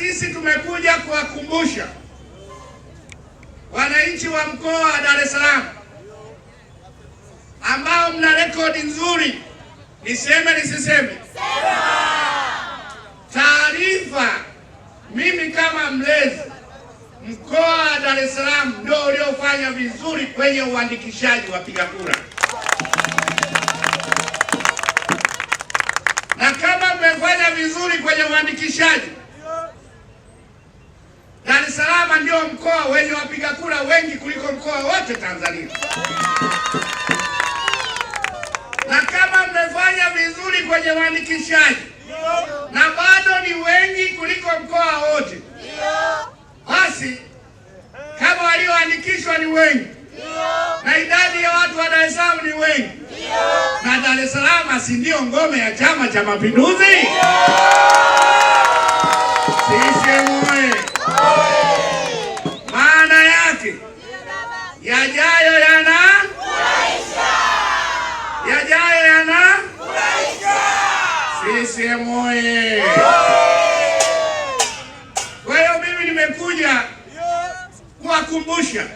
sisi tumekuja kuwakumbusha wananchi wa mkoa wa Dar es Salaam ambao mna rekodi nzuri, niseme nisiseme, taarifa. Mimi kama mlezi, mkoa wa Dar es Salaam ndio uliofanya vizuri kwenye uandikishaji wa piga kura, na kama mmefanya vizuri kwenye uandikishaji ndio mkoa wenye wapiga kura wengi kuliko mkoa wote Tanzania. Na kama mmefanya vizuri kwenye uandikishaji na bado ni wengi kuliko mkoa wote, basi kama walioandikishwa ni wengi na idadi ya watu wa Dar es Salaam ni wengi na Dar es Salaam si ndio ngome ya Chama cha Mapinduzi? Sisi oye! yake yajayo yana yajayo yanafurahisha. sisi oye! Kwa hiyo mimi nimekuja kuwakumbusha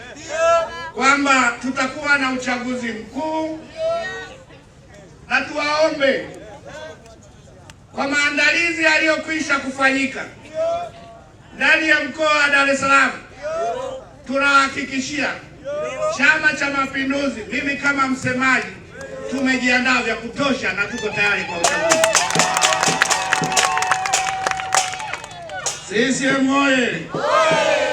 kwamba tutakuwa na uchaguzi mkuu na tuwaombe kwa maandalizi yaliyokwisha kufanyika ndani ya mkoa wa Dar es Salaam tunawahakikishia Chama cha Mapinduzi, mimi kama msemaji, tumejiandaa vya kutosha na tuko tayari kwa uchaguzi. CCM oye!